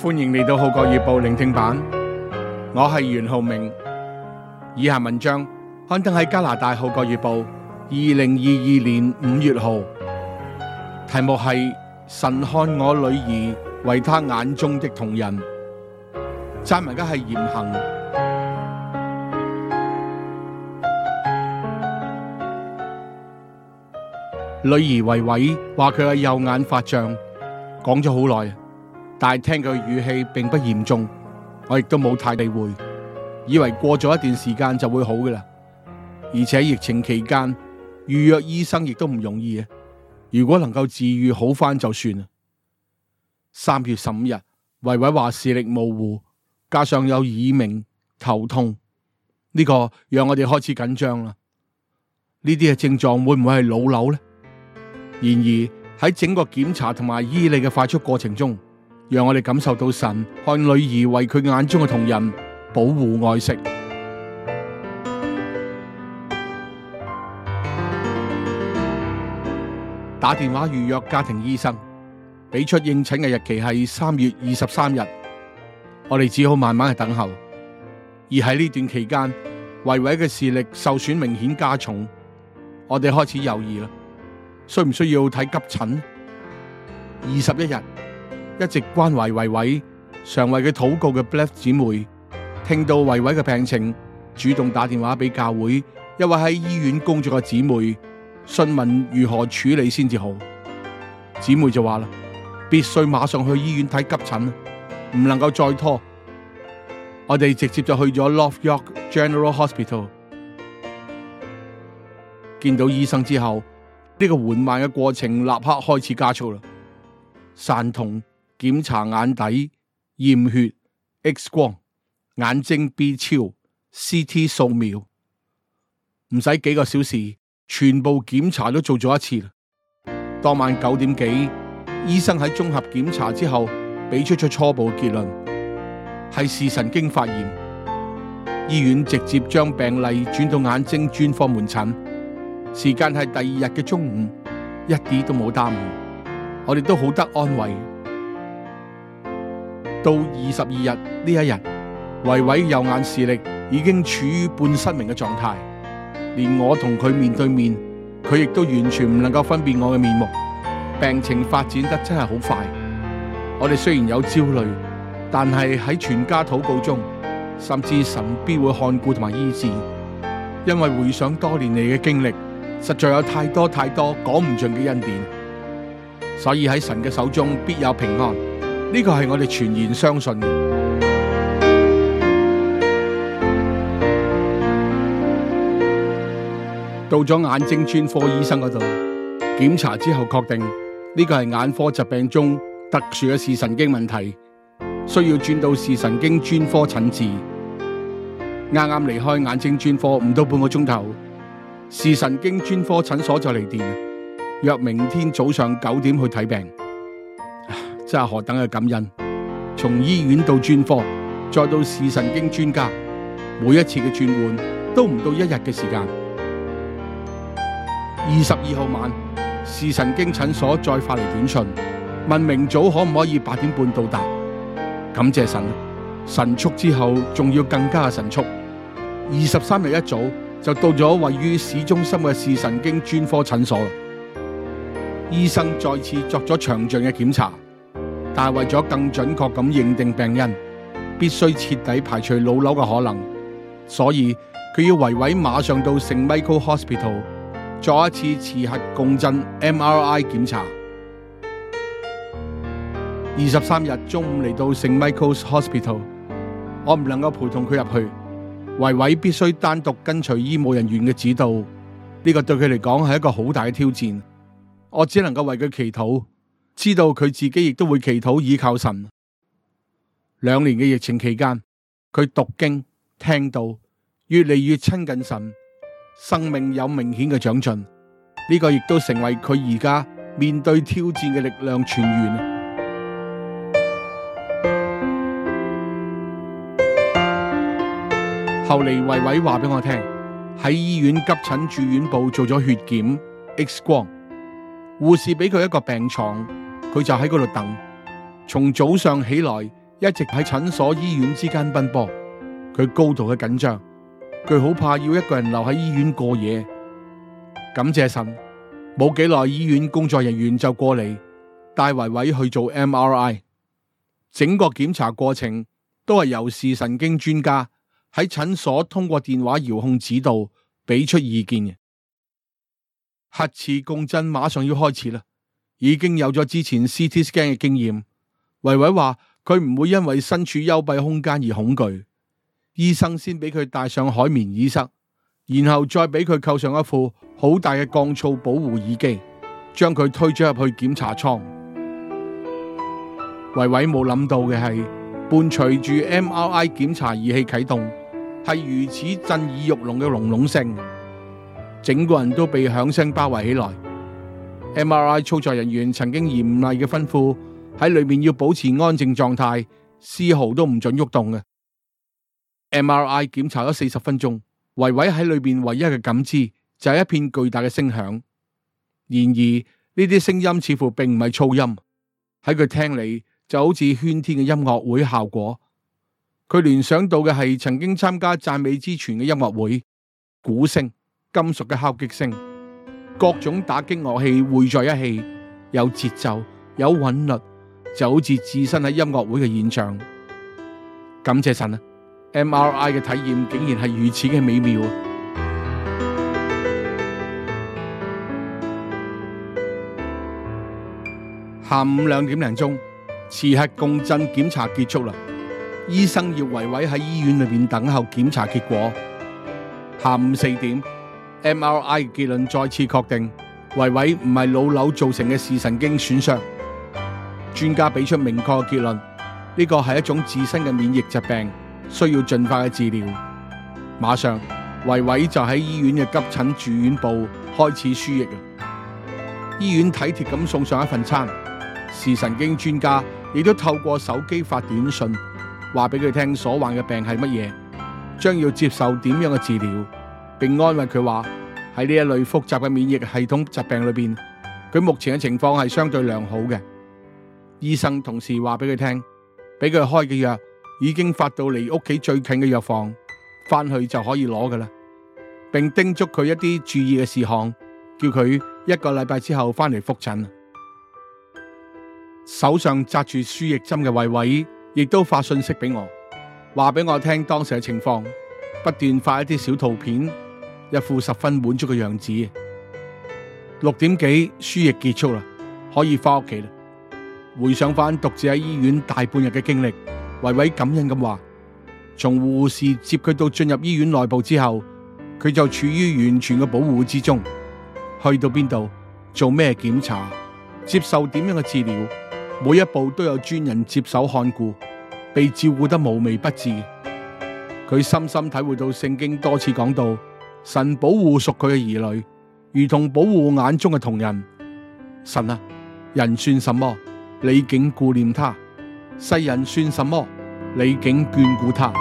歡迎嚟到《號角月報》聆聽版，我是袁浩明。以下文章刊登喺加拿大《號角月報》二零二二年五月號，題目是《神看我女兒為祂眼中的瞳人》，撰文家係嚴恒。女兒維維話佢嘅右眼發脹，講咗好耐。但聽佢語氣並不嚴重，我亦都冇太理會，以為過咗一段時間就會好嘅啦。而且疫情期間預約醫生亦都唔容易，如果能夠治癒好返就算啦。三月十五日，維維話視力模糊，加上有耳鳴、頭痛，呢、呢個讓我哋開始緊張啦。呢啲嘅症狀會唔會係腦瘤呢？然而喺整個檢查同埋醫理嘅快速過程中，讓我哋感受到神看女兒為佢眼中嘅瞳人保護愛惜。打電話預約家庭醫生，俾出應診嘅日期係三月二十三日。我哋只好慢慢去等候。而喺呢段期間，維維嘅視力受損明顯加重，我哋開始猶豫啦。需唔需要睇急診？二十一日，一直關懷維維，常為佢禱告嘅 Black 姊妹聽到維維嘅病情，主動打電話俾教會一位喺醫院工作嘅姊妹，詢問如何處理先至好。姊妹就話啦，必須馬上去醫院睇急診，唔能夠再拖。我哋直接就去咗 North York General Hospital。見到醫生之後，呢、這個緩慢嘅過程立刻開始加速啦，散痛檢查眼底、驗血、X 光、眼睛 B 超、CT 掃描，唔使幾個小時，全部檢查都做咗一次。當晚九點幾，醫生喺綜合檢查之後，俾出咗初步結論，係視神經發炎。醫院直接將病例轉到眼睛專科門診。時間係第二日嘅中午，一啲都冇耽誤，我哋都好得安慰。到二十二日呢一日，維維右眼視力已經處於半失明嘅狀態，連我同佢面對面，佢亦都完全唔能夠分辨我嘅面目。病情發展得真係好快，我哋雖然有焦慮，但係喺全家禱告中，甚至神必會看顧同埋醫治。因為回想多年嚟嘅經歷，實在有太多太多講唔盡嘅恩典，所以喺神嘅手中必有平安。呢個是我哋全然相信的。到咗眼睛專科醫生嗰度檢查之後，確定呢、這個是眼科疾病中特殊嘅視神經問題，需要轉到視神經專科診治。啱啱離開眼睛專科唔到半個鐘頭，視神經專科診所就嚟電，約明天早上九點去睇病。即係何等嘅感恩！從醫院到專科，再到視神經專家，每一次嘅轉換都唔到一日嘅時間。二十二號晚，視神經診所再發嚟短信，問明早可唔可以八點半到達？感謝神，神速之後仲要更加神速。二十三日一早就到咗位於市中心嘅視神經專科診所，醫生再次作咗詳盡嘅檢查。但為咗更準確咁認定病因，必須徹底排除腦瘤嘅可能，所以佢要維維馬上到聖 Michael Hospital 做一次磁核共振 MRI 檢查。二十三日中午嚟到聖 Michael Hospital，我唔能夠陪同佢入去，維維必須單獨跟隨醫務人員嘅指導，呢、這個對佢嚟講係一個好大嘅挑戰。我只能夠為佢祈禱。知道佢自己亦都會祈禱依靠神。兩年嘅疫情期間，佢讀經聽到，越嚟越親近神，生命有明顯嘅長進。呢、這個亦都成為佢而家面對挑戰嘅力量泉源。後嚟維維話俾我聽，喺醫院急診住院部做咗血檢、X 光，護士俾佢一個病床。佢就喺嗰度等，從早上起來一直喺診所、醫院之間奔波。佢高度嘅緊張，佢好怕要一個人留喺醫院過夜。感謝神，冇幾耐醫院工作人員就過嚟帶維維去做 MRI。整個檢查過程都係由視神經專家喺診所通過電話遙控指導，俾出意見嘅。核磁共振馬上要開始啦。已經有咗之前 CT scan 嘅經驗，維維話佢唔會因為身處幽閉空間而恐懼。醫生先畀佢帶上海綿耳塞，然後再畀佢扣上一副好大嘅降噪保護耳機，將佢推咗入去檢查艙。維維冇諗到嘅係，伴隨住 MRI 檢查儀器啟動，係如此震耳欲聾嘅隆隆聲，整個人都被響聲包圍起來。MRI 操作人員曾經嚴厲嘅吩咐喺裏面要保持安靜狀態，絲毫都唔准喐動的。MRI 檢查咗四十分鐘，維維喺裏面唯一嘅感知就係一片巨大嘅聲響。然而呢啲聲音似乎並唔係噪音，喺佢聽嚟就好似喧天嘅音樂會效果。佢聯想到嘅係曾經參加讚美之泉嘅音樂會，鼓聲、金屬嘅敲擊聲。各種打擊樂器匯在一起，有節奏，有韻律，就好似置身喺音樂會嘅現場。感謝神啊！MRI 嘅體驗竟然係如此嘅美妙。下午兩點零鐘，磁核共振檢查結束啦。醫生要維維喺醫院裏邊等候檢查結果。下午四點。MRI 結論再次確定，維維唔係腦瘤造成嘅視神經損傷。專家俾出明確結論，呢個係一種自身嘅免疫疾病，需要盡快嘅治療。馬上，維維就喺醫院嘅急診住院部開始輸液。醫院體貼咁送上一份餐，視神經專家亦都透過手機發短信話俾佢聽所患嘅病係乜嘢，將要接受點樣嘅治療。並安慰佢話喺呢一類複雜嘅免疫系統疾病裏邊，佢目前嘅情況係相對良好嘅。醫生同時話俾佢聽，俾佢開嘅藥已經發到離屋企最近嘅藥房，翻去就可以攞噶啦。並叮囑佢一啲注意嘅事項，叫佢一個禮拜之後翻嚟複診。手上扎住輸液針嘅維維亦都發信息俾我，話俾我聽當時嘅情況，不斷發一啲小圖片。一副十分滿足嘅樣子。六點幾輸液結束啦，可以翻屋企啦。回想翻獨自喺醫院大半日嘅經歷，維維感恩咁話：從護士接佢到進入醫院內部之後，佢就處於完全嘅保護之中。去到邊度？做咩檢查？接受點樣嘅治療，每一步都有專人接手看顧，被照顧得無微不至。佢深深體會到聖經多次講到。神保護屬佢嘅兒女，如同保護眼中嘅瞳人。神啊，人算什麼？你竟顧念他；世人算什麼？你竟眷顧他。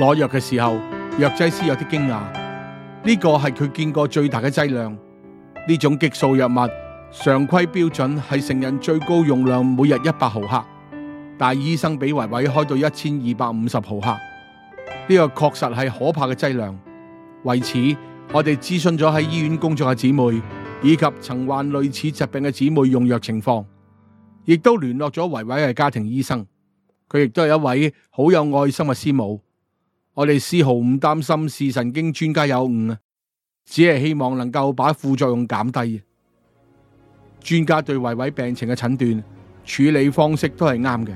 攞藥嘅時候，藥劑師有啲驚訝，呢、這個係佢見過最大嘅劑量。呢種激素藥物常規標準係成人最高容量每日一百毫克。但係醫生俾維維開到一千二百五十毫克，呢個確實係可怕嘅劑量。為此，我哋諮詢咗喺醫院工作嘅姊妹，以及曾患類似疾病嘅姊妹用藥情況，亦都聯絡咗維維嘅家庭醫生。佢亦都係一位好有愛心嘅師母。我哋絲毫唔擔心視神經專家有誤啊，只係希望能夠把副作用減低。專家對維維病情嘅診斷、處理方式都係啱嘅。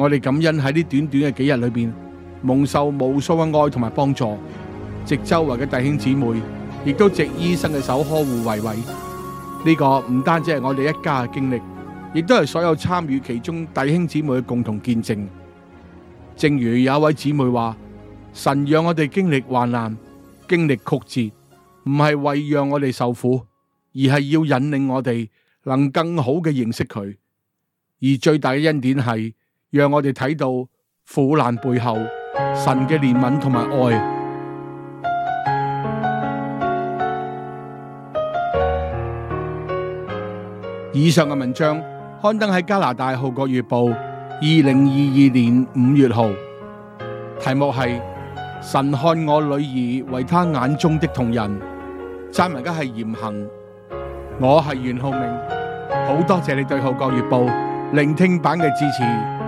我哋感恩喺呢短短嘅幾日裏邊蒙受無數嘅愛同埋幫助，藉周圍嘅弟兄姊妹亦都藉醫生嘅手呵護維維。呢個唔單止係我哋一家嘅經歷，亦都係所有參與其中弟兄姊妹嘅共同見證。正如有一位姊妹話：神讓我哋經歷患難，經歷曲折，唔係為讓我哋受苦，而係要引領我哋能更好嘅認識佢。而最大嘅恩典係。讓我哋睇到苦難背後神嘅憐憫同埋愛。以上嘅文章刊登喺加拿大《號角月報》二零二二年五月號，題目係《神看我女兒為祂眼中的瞳人》，撰文嘅係嚴行，我係袁浩明，好多謝你對《號角月報》聆聽版嘅支持。